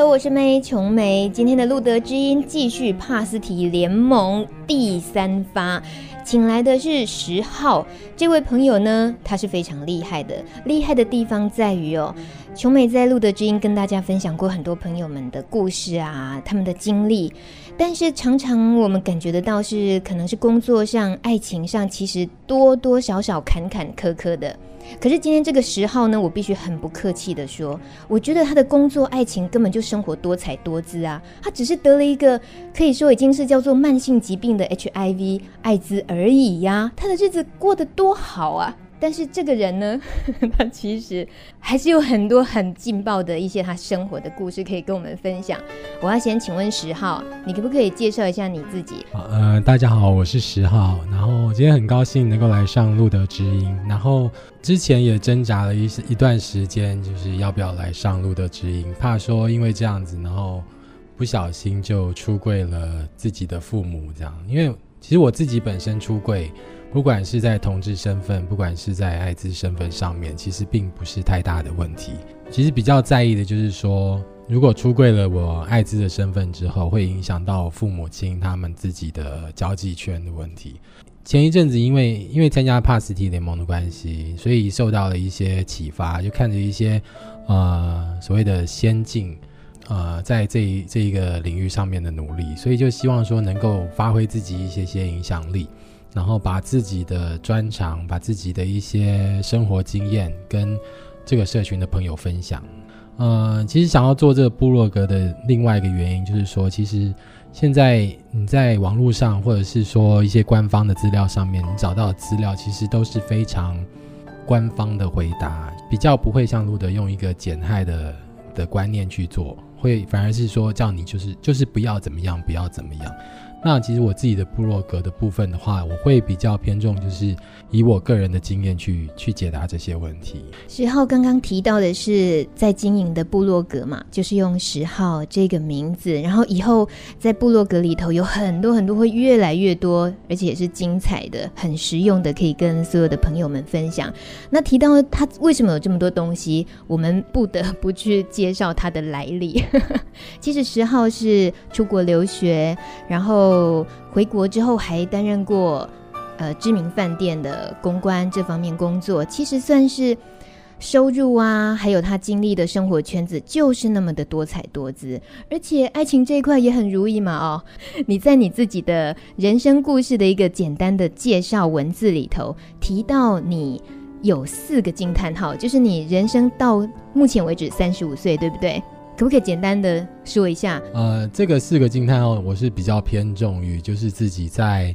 Hello，我是 May 瓊梅。今天的《露德知音》繼續《帕斯堤聯盟》第三發，請來的是石皓這位朋友呢，他是非常厲害的。厲害的地方在於哦，瓊美在《露德知音》跟大家分享過很多朋友們的故事啊，他們的經歷。但是常常我們感覺得到是，可能是工作上、愛情上，其實多多少少坎坎坷坷的。可是今天這個石皓呢，我必須很不客氣的說，我覺得他的工作、愛情根本就生活多彩多姿啊，他只是得了一個可以說已經是叫做慢性疾病的 HIV 艾滋而已呀，啊，他的日子過得多好啊！但是這個人呢，呵呵，他其實還是有很多很勁爆的一些他生活的故事可以跟我們分享。我要先請問石皓，你可不可以介紹一下你自己？呃，大家好，我是石皓。然後今天很高興能夠來上露德知音。然後之前也掙扎了一一段時間，就是要不要來上露德知音，怕說因為這樣子，然後不小心就出櫃了自己的父母這樣，因為。其實我自己本身出櫃，不管是在同志身份，不管是在艾滋身份上面，其實並不是太大的問題。其實比較在意的就是說，如果出櫃了我艾滋的身份之後，會影響到父母親他們自己的交際圈的問題。前一陣子因為因為參加帕斯堤聯盟的關係，所以受到了一些啟發，就看着一些，呃，所謂的先進。呃，在這一這一個領域上面的努力，所以就希望說能夠發揮自己一些些影響力，然後把自己的專長，把自己的一些生活經驗跟這個社群的朋友分享。呃，其實想要做這個部落格的另外一個原因，就是說，其實現在你在網絡上，或者是說一些官方的資料上面，你找到的資料其實都是非常官方的回答，比較不會像露德用一個減害的的觀念去做。會反而是說，叫你就是就是不要怎麼樣，不要怎麼樣。那其實我自己的部落格的部分的話，我會比較偏重，就是以我個人的經驗去去解答這些問題。石皓剛剛提到的是在經營的部落格嘛，就是用石皓這個名字，然後以後在部落格裡頭有很多很多會越來越多，而且也是精彩的、很實用的，可以跟所有的朋友們分享。那提到他為什麼有這麼多東西，我們不得不去介紹他的來歷。 其實石皓是出國留學，然後。哦，回國之後還擔任過，呃，知名飯店的公關這方面工作，其實算是收入啊，還有他經歷的生活圈子就是那麼的多彩多姿，而且愛情這一塊也很如意嘛哦。你在你自己的人生故事的一個簡單的介紹文字裡頭提到，你有四個驚嘆號，就是你人生到目前為止三十五歲，對不對？可不可以簡單的說一下？呃，這個四個驚嘆號，我是比較偏重於就是自己在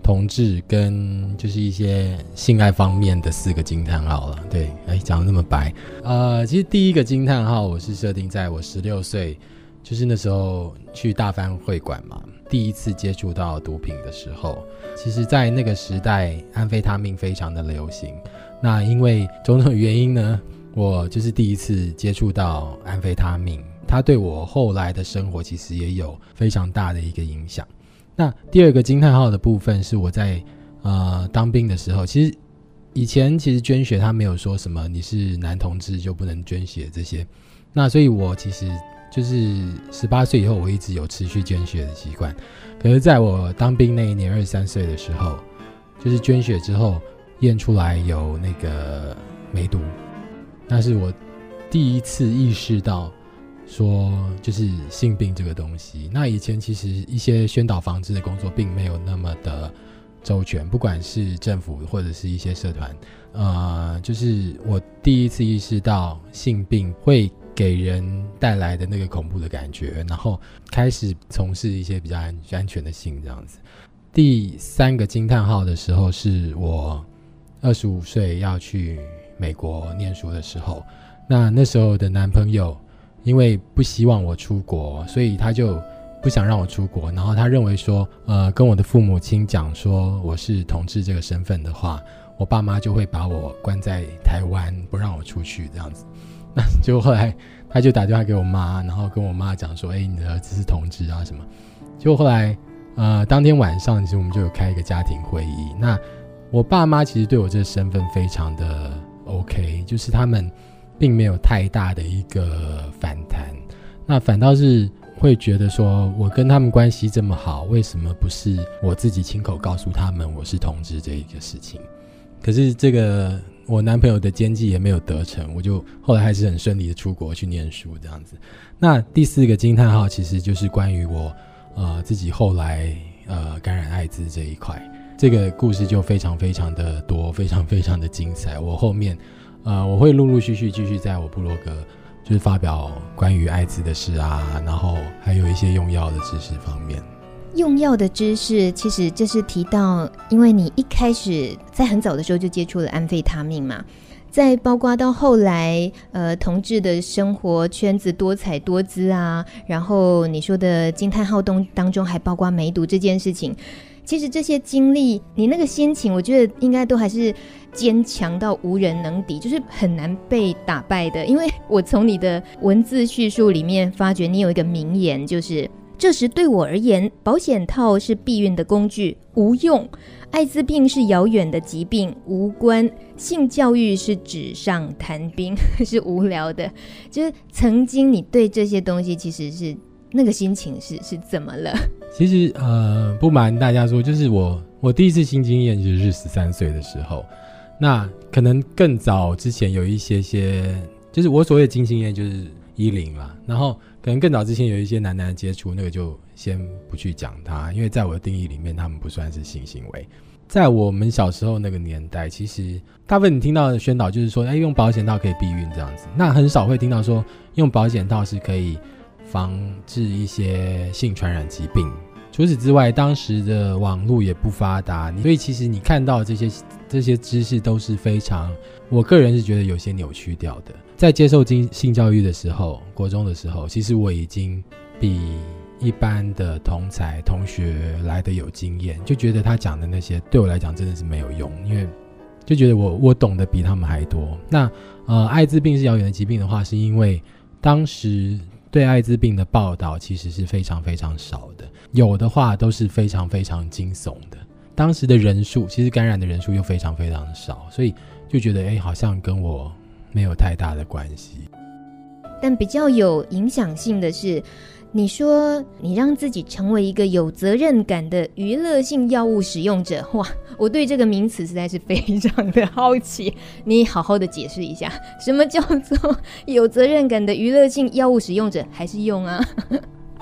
同志跟就是一些性愛方面的四個驚嘆號了。對，哎、欸，講得那麼白。呃，其實第一個驚嘆號，我是設定在我十六歲，就是那時候去大番會館嘛，第一次接觸到毒品的時候。其實，在那個時代，安非他命非常的流行。那因為種種原因呢，我就是第一次接觸到安非他命，它對我後來的生活其實也有非常大的一個影響。那第二個驚嘆號的部分是我在呃當兵的時候，其實以前其實捐血他沒有說什麼你是男同志就不能捐血這些。那所以我其實就是十八歲以後我一直有持續捐血的習慣，可是在我當兵那一年二十三歲的時候，就是捐血之後驗出來有那個梅毒。那是我第一次意識到，說就是性病這個東西。那以前其實一些宣導、防治的工作並沒有那麼的周全，不管是政府或者是一些社團，呃，就是我第一次意識到性病會給人帶來的那個恐怖的感覺，然後開始從事一些比較安安全的性這樣子。第三個驚嘆號的時候是我二十五歲要去。美國念書的時候，那那時候的男朋友，因為不希望我出國，所以他就不想讓我出國。然後他認為說，呃，跟我的父母親講說我是同志這個身份的話，我爸媽就會把我關在台灣，不讓我出去這樣子。那就後來他就打電話給我媽，然後跟我媽講說，哎、欸，你的兒子是同志啊什麼？就後來，呃，當天晚上其實我們就有開一個家庭會議。那我爸媽其實對我這個身份非常的。OK，就是他們並沒有太大的一個反彈，那反倒是會覺得說，我跟他們關係這麼好，為什麼不是我自己親口告訴他們我是同志這一個事情？可是這個我男朋友的奸計也沒有得逞，我就後來還是很順利的出國去念書這樣子。那第四個驚嘆號，其實就是關於我、呃、自己後來呃感染艾滋這一塊。這個故事就非常非常的多，非常非常的精彩。我後面，呃，我會陸陸續續繼續在我部落格，就是發表關於艾滋的事啊，然後還有一些用藥的知識方面。用藥的知識，其實這是提到，因為你一開始在很早的時候就接觸了安非他命嘛，再包括到後來，呃，同志的生活圈子多彩多姿啊，然後你說的驚嘆號東當中還包括梅毒這件事情。其實這些經歷，你那個心情，我覺得應該都還是堅強到無人能敵，就是很難被打敗的。因為我從你的文字敘述裡面發覺，你有一個名言，就是：“這時對我而言，保險套是避孕的工具，無用；艾滋病是遙遠的疾病，無關；性教育是紙上談兵，是無聊的。”就是曾經你對這些東西其實是。那個心情是是怎麼了？其實，呃，不瞞大家說，就是我我第一次性經驗就是十三歲的時候。那可能更早之前有一些些，就是我所謂的性經,經驗就是一零啦。然後可能更早之前有一些男男的接觸，那個就先不去講它，因為在我的定義裡面，他們不算是性行為。在我們小時候那個年代，其實大部分你聽到的宣導就是說，哎，用保險套可以避孕這樣子。那很少會聽到說用保險套是可以。防治一些性傳染疾病。除此之外，當時的網絡也不發達，所以其實你看到的這些這些知識都是非常，我個人是覺得有些扭曲掉的。在接受經性教育的時候，國中的時候，其實我已經比一般的同儕同學來得有經驗，就覺得他講的那些對我來講真的是沒有用，因為就覺得我我懂得比他們還多。那呃，艾滋病是遙遠的疾病的話，是因為當時。對艾滋病的報道其實是非常非常少的，有的話都是非常非常驚悚的。當時的人數其實感染的人數又非常非常少，所以就覺得誒、欸，好像跟我沒有太大的關係。但比較有影響性的是。你說你讓自己成為一個有責任感的娛樂性藥物使用者，哇！我對這個名詞實在是非常的好奇，你好好的解釋一下，什麼叫做有責任感的娛樂性藥物使用者？還是用啊？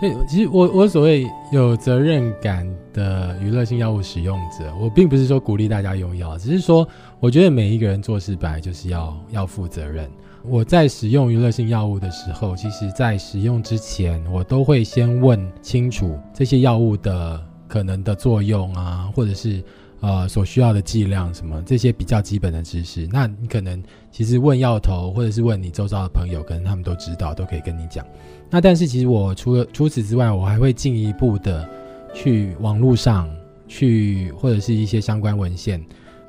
對，其實我我所謂有責任感的娛樂性藥物使用者，我並不是說鼓勵大家用藥，只是說我覺得每一個人做事本來就是要要負責任。我在使用娛樂性藥物的時候，其實在使用之前，我都會先問清楚這些藥物的可能的作用啊，或者是呃所需要的劑量什麼這些比較基本的知識。那你可能其實問藥頭或者是問你周遭的朋友，可能他們都知道，都可以跟你講。那但是其實我除了除此之外，我還會進一步的去網絡上去或者是一些相關文獻，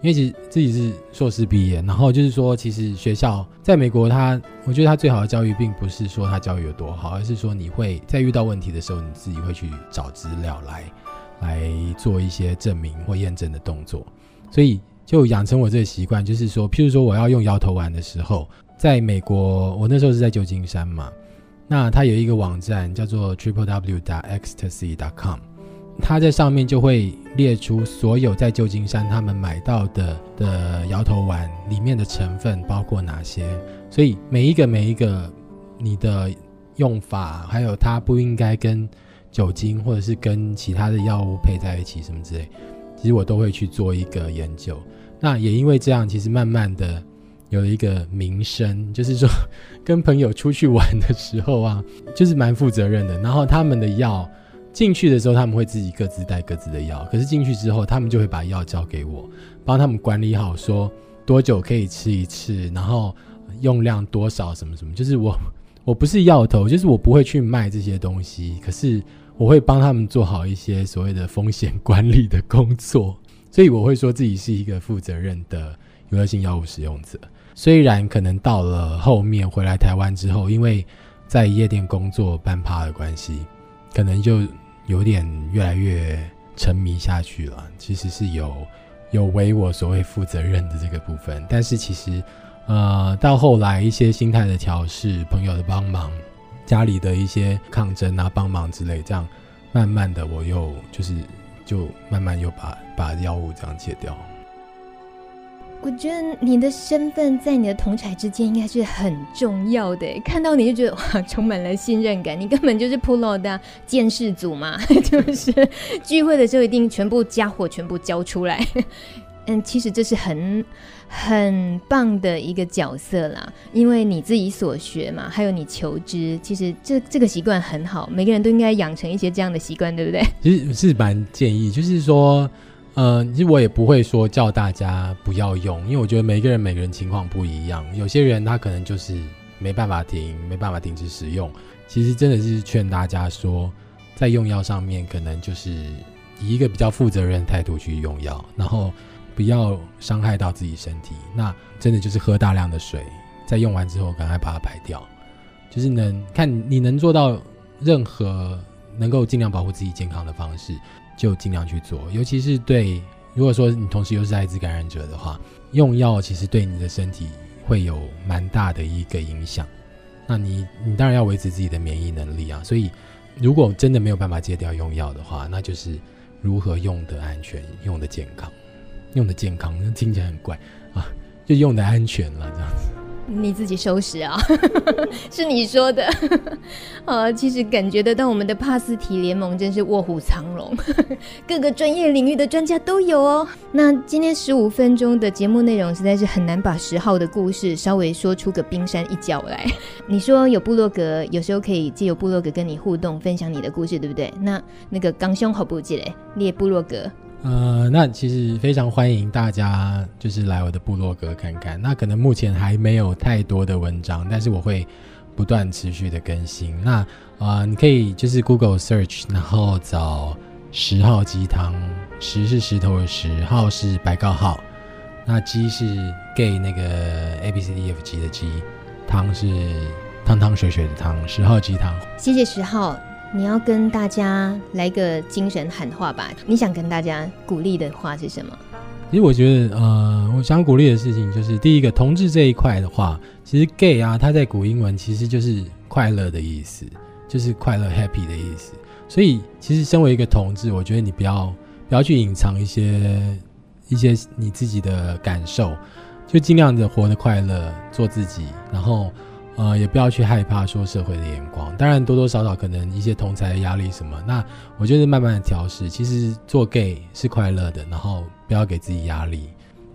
因為其實自己是碩士畢業，然後就是說，其實學校在美國，他我覺得他最好的教育，並不是說他教育有多好，而是說你會在遇到問題的時候，你自己會去找資料來來做一些證明或驗證的動作。所以就養成我這個習慣，就是說，譬如說我要用搖頭丸的時候，在美國，我那時候是在舊金山嘛，那他有一個網站叫做 Triple W dot ecstasy dot com。它在上面就會列出所有在舊金山他們買到的的搖頭丸裡面的成分包括哪些，所以每一個每一個你的用法，還有它不應該跟酒精或者是跟其他的藥物配在一起什麼之類，其實我都會去做一個研究。那也因為這樣，其實慢慢的有一個名聲，就是說跟朋友出去玩的時候啊，就是蠻負責任的。然後他們的藥。進去的時候，他們會自己各自帶各自的藥。可是進去之後，他們就會把藥交給我，幫他們管理好，說多久可以吃一次，然後用量多少，什麼什麼。就是我，我不是藥頭，就是我不會去賣這些東西。可是我會幫他們做好一些所謂的風險管理的工作。所以我會說自己是一個負責任的娛樂性藥物使用者。雖然可能到了後面回來台灣之後，因為在夜店工作辦趴的關係，可能就。有點越來越沉迷下去了，其實是有有為我所謂負責任的這個部分，但是其實，呃，到後來一些心態的調試，朋友的幫忙，家裡的一些抗爭啊，幫忙之類，這樣慢慢的我又就是就慢慢又把把藥物這樣戒掉。我覺得你的身份在你的同儕之間應該是很重要的，看到你就覺得哇，充滿了信任感。你根本就是普羅的鑑識組嘛，就是 聚會的時候一定全部家伙全部交出來。嗯，其實這是很很棒的一個角色啦，因為你自己所學嘛，還有你求知，其實這這個習慣很好，每個人都應該養成一些這樣的習慣，對不對？其實是蠻建議，就是說。呃、嗯，其實我也不會說叫大家不要用，因為我覺得每個人每個人情況不一樣，有些人他可能就是沒辦法停，沒辦法停止使用。其實真的是勸大家說，在用藥上面，可能就是以一個比較負責任的態度去用藥，然後不要傷害到自己身體。那真的就是喝大量的水，在用完之後趕快把它排掉，就是能看你能做到任何能夠儘量保護自己健康的方式。就盡量去做，尤其是對，如果說你同時又是艾滋感染者的話，用藥其實對你的身體會有蠻大的一個影響。那你，你當然要維持自己的免疫能力啊。所以，如果真的沒有辦法戒掉用藥的話，那就是如何用的安全，用的健康，用的健康，聽起來很怪啊，就用的安全了這樣子。你自己收拾啊， 是你說的、 啊。其實感覺得到我們的帕斯堤聯盟真是臥虎藏龍， 各個專業領域的專家都有哦。那今天十五分鐘的節目內容，實在是很難把石皓的故事稍微說出個冰山一角來。 你說有部落格，有時候可以借由部落格跟你互動，分享你的故事，對不對？那那個港兄好不記得列部落格。呃，那其實非常歡迎大家就是來我的部落格看看。那可能目前還沒有太多的文章，但是我會不斷持續的更新。那啊、呃，你可以就是 Google search，然後找石皓 G 湯。石是石頭的石，皓是白告皓，那 G 是 gay 那個 A B C D F G 的 G，湯是湯湯水水的湯，石皓 G 湯。謝謝石皓。你要跟大家來個精神喊話吧？你想跟大家鼓勵的話是什麼？其實我覺得，呃，我想鼓勵的事情就是，第一個，同志這一塊的話，其實 gay 啊，它在古英文其實就是快樂的意思，就是快樂 happy 的意思。所以，其實身為一個同志，我覺得你不要不要去隱藏一些一些你自己的感受，就儘量的活得快樂，做自己，然後。呃，也不要去害怕說社會的眼光，當然多多少少可能一些同儕的壓力什麼，那我就是慢慢的調適。其實做 gay 是快樂的，然後不要給自己壓力。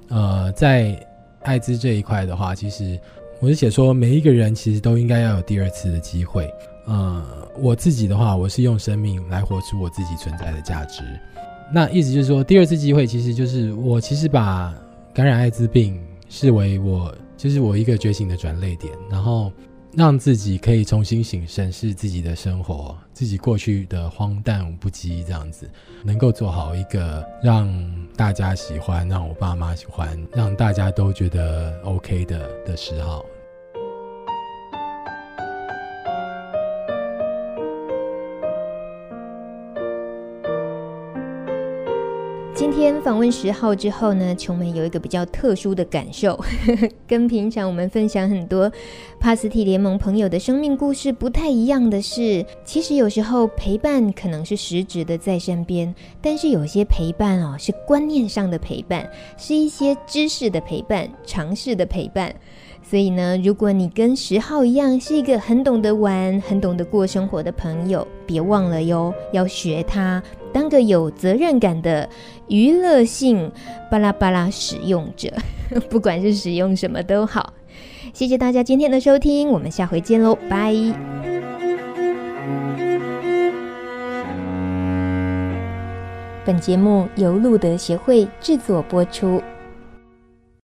呃，在艾滋這一塊的話，其實我是寫說每一個人其實都應該要有第二次的機會。呃，我自己的話，我是用生命來活出我自己存在的價值。那意思就是說，第二次機會其實就是我其實把感染艾滋病視為我。就是我一個覺醒的轉捩點，然後讓自己可以重新醒，審視自己的生活，自己過去的荒誕不羈這樣子，能夠做好一個讓大家喜歡，讓我爸媽喜歡，讓大家都覺得 OK 的的時候。今天訪問石皓之後呢，瓊梅有一個比較特殊的感受呵呵，跟平常我們分享很多帕斯堤聯盟朋友的生命故事不太一樣的是，其實有時候陪伴可能是實質的在身邊，但是有些陪伴哦是觀念上的陪伴，是一些知識的陪伴、常識的陪伴。所以呢，如果你跟石皓一樣是一個很懂得玩、很懂得過生活的朋友，別忘了喲，要學他。當個有責任感的娛樂性巴拉巴拉使用者，不管是使用什麼都好。謝謝大家今天的收聽，我們下回見嘍，拜！本節目由露德協會製作播出。